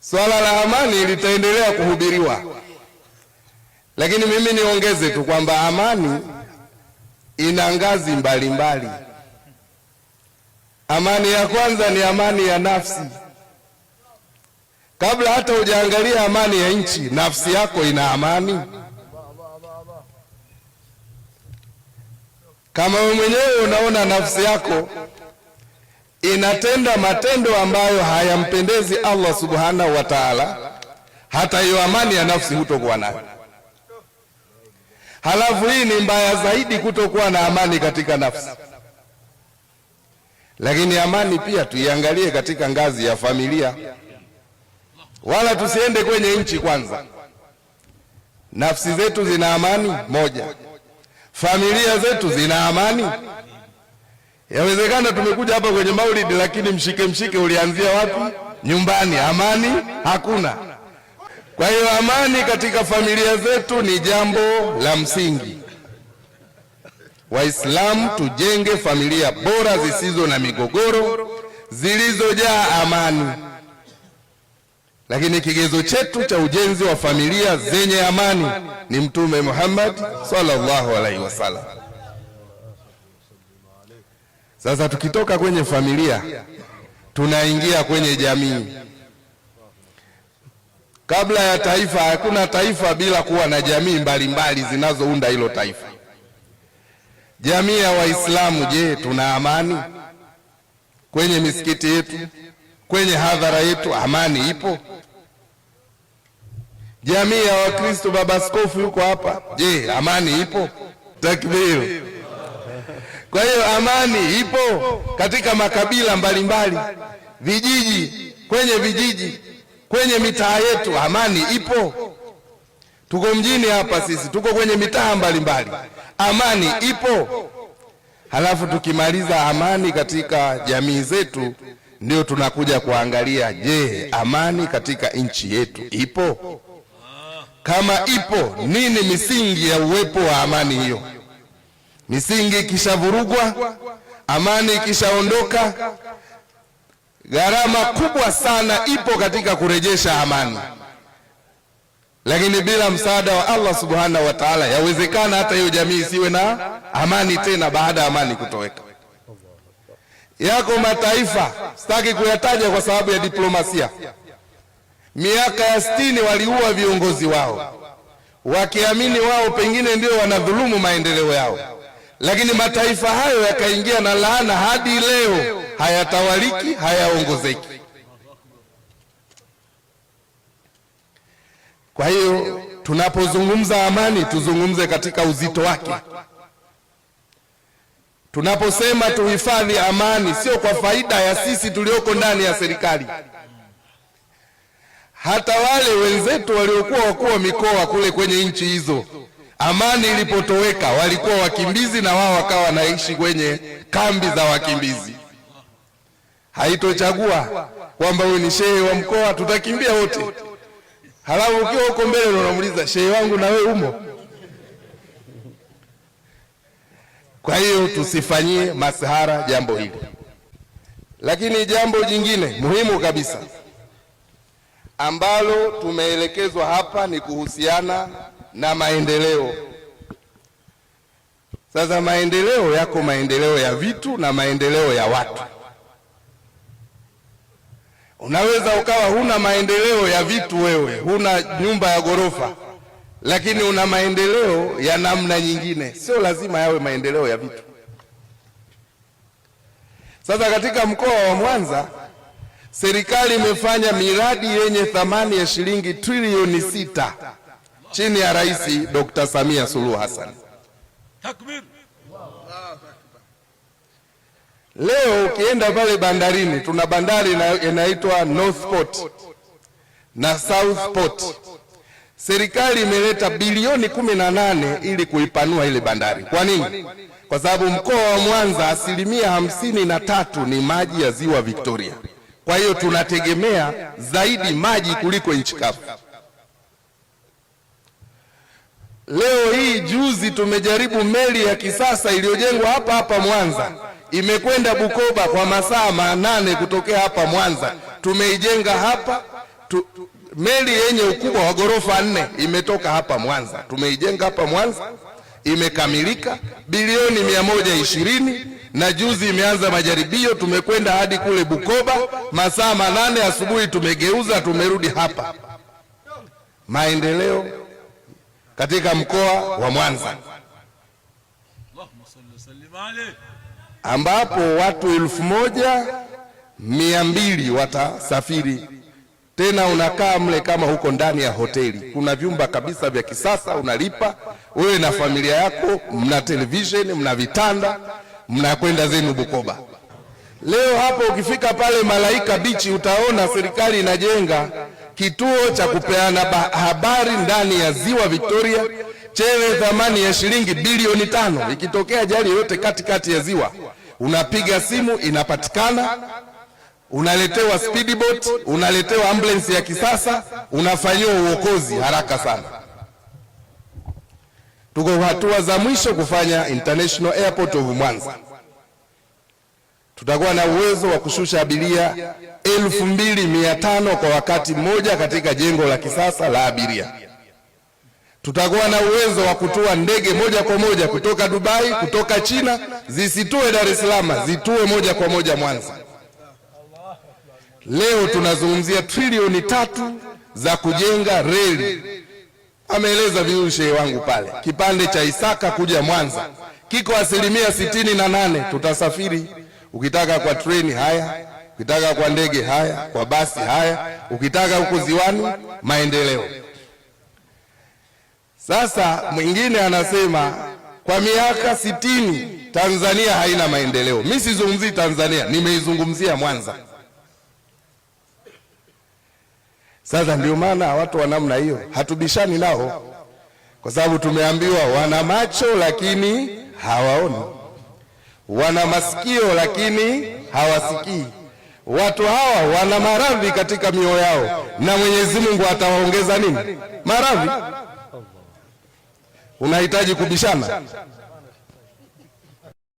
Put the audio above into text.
Swala la amani litaendelea kuhubiriwa, lakini mimi niongeze tu kwamba amani ina ngazi mbalimbali. Amani ya kwanza ni amani ya nafsi. Kabla hata hujaangalia amani ya nchi, nafsi yako ina amani. Kama wewe mwenyewe unaona nafsi yako inatenda matendo ambayo hayampendezi Allah subhanahu wa taala, hata hiyo amani ya nafsi hutokuwa nayo. Halafu hii ni mbaya zaidi, kutokuwa na amani katika nafsi. Lakini amani pia tuiangalie katika ngazi ya familia, wala tusiende kwenye nchi kwanza. Nafsi zetu zina amani moja, familia zetu zina amani Yawezekana tumekuja hapa kwenye maulidi, lakini mshike mshike ulianzia wapi? Nyumbani. Amani hakuna. Kwa hiyo amani katika familia zetu ni jambo la msingi. Waislamu tujenge familia bora zisizo na migogoro, zilizojaa amani. Lakini kigezo chetu cha ujenzi wa familia zenye amani ni Mtume Muhammad sallallahu alaihi wasallam. Sasa tukitoka kwenye familia tunaingia kwenye jamii. Kabla ya taifa, hakuna taifa bila kuwa na jamii mbalimbali zinazounda hilo taifa. Jamii ya Waislamu, je, tuna amani kwenye misikiti yetu, kwenye hadhara yetu? Amani ipo? Jamii ya Wakristo, baba askofu yuko hapa, je, amani ipo? Takbiri! Kwa hiyo amani ipo katika makabila mbalimbali mbali, vijiji kwenye vijiji kwenye mitaa yetu amani ipo. Tuko mjini hapa sisi, tuko kwenye mitaa mbalimbali, amani ipo. Halafu tukimaliza amani katika jamii zetu, ndio tunakuja kuangalia, je, amani katika nchi yetu ipo? Kama ipo, nini misingi ya uwepo wa amani hiyo? Misingi ikishavurugwa, amani ikishaondoka, gharama kubwa sana ipo katika kurejesha amani, lakini bila msaada wa Allah subhanahu wa ta'ala, yawezekana hata hiyo jamii isiwe na amani tena baada ya amani kutoweka. Yako mataifa sitaki kuyataja kwa sababu ya diplomasia, miaka ya sitini waliua viongozi wao wakiamini wao pengine ndio wanadhulumu maendeleo yao lakini mataifa hayo yakaingia na laana hadi leo, hayatawaliki, hayaongozeki. Kwa hiyo tunapozungumza amani, tuzungumze katika uzito wake. Tunaposema tuhifadhi amani, sio kwa faida ya sisi tulioko ndani ya serikali. Hata wale wenzetu waliokuwa wakuu wa mikoa kule kwenye nchi hizo Amani ilipotoweka walikuwa wakimbizi na wao wakawa wanaishi kwenye kambi za wakimbizi. Haitochagua kwamba wewe ni shehe wa mkoa, tutakimbia wote. Halafu ukiwa huko mbele unamuuliza shehe wangu, na wewe umo? Kwa hiyo tusifanyie masahara jambo hili. Lakini jambo jingine muhimu kabisa ambalo tumeelekezwa hapa ni kuhusiana na maendeleo. Sasa maendeleo yako maendeleo ya vitu na maendeleo ya watu. Unaweza ukawa huna maendeleo ya vitu, wewe huna nyumba ya ghorofa, lakini una maendeleo ya namna nyingine. Sio lazima yawe maendeleo ya vitu. Sasa katika mkoa wa Mwanza serikali imefanya miradi yenye thamani ya shilingi trilioni sita chini ya Rais Dr. Samia Suluhu Hassan. Takbir. Leo ukienda pale bandarini, tuna bandari inaitwa North Port na South Port. Serikali imeleta bilioni kumi na nane ili kuipanua ile bandari. Kwa nini? Kwa sababu mkoa wa Mwanza asilimia hamsini na tatu ni maji ya ziwa Victoria. Kwa hiyo tunategemea zaidi maji kuliko nchi kavu. Leo hii juzi tumejaribu meli ya kisasa iliyojengwa hapa hapa Mwanza, imekwenda Bukoba kwa masaa manane kutokea hapa Mwanza. Tumeijenga hapa tu, meli yenye ukubwa wa ghorofa nne imetoka hapa Mwanza, tumeijenga hapa Mwanza, imekamilika bilioni mia moja ishirini na juzi imeanza majaribio, tumekwenda hadi kule Bukoba masaa manane asubuhi, tumegeuza tumerudi hapa. Maendeleo katika mkoa wa Mwanza ambapo watu elfu moja mia mbili watasafiri. Tena unakaa mle kama huko ndani ya hoteli, kuna vyumba kabisa vya kisasa, unalipa wewe na familia yako, mna televisheni, mna vitanda, mnakwenda zenu Bukoba. Leo hapo ukifika pale Malaika Bichi utaona serikali inajenga kituo cha kupeana habari ndani ya ziwa Victoria chenye thamani ya shilingi bilioni tano. Ikitokea ajali yoyote katikati ya ziwa, unapiga simu, inapatikana, unaletewa speedboat, unaletewa ambulance ya kisasa, unafanyiwa uokozi haraka sana. Tuko hatua za mwisho kufanya International Airport of Mwanza tutakuwa na uwezo wa kushusha abiria elfu mbili mia tano kwa wakati mmoja katika jengo la kisasa la abiria. Tutakuwa na uwezo wa kutua ndege moja kwa moja kutoka Dubai, kutoka China, zisitue Dar es Salaam, zitue moja kwa moja Mwanza. Leo tunazungumzia trilioni tatu za kujenga reli. Ameeleza vizuri shehe wangu pale, kipande cha Isaka kuja Mwanza kiko asilimia sitini na nane. Tutasafiri ukitaka kwa treni haya, ukitaka kwa ndege haya, kwa basi haya, ukitaka huko ziwani, maendeleo. Sasa mwingine anasema kwa miaka sitini Tanzania haina maendeleo. Mimi sizungumzii Tanzania, nimeizungumzia Mwanza. Sasa ndio maana watu wa namna hiyo hatubishani nao, kwa sababu tumeambiwa wana macho lakini hawaoni wana masikio lakini hawasikii. Watu hawa wana maradhi katika mioyo yao, na Mwenyezi Mungu atawaongeza nini? Maradhi. Unahitaji kubishana?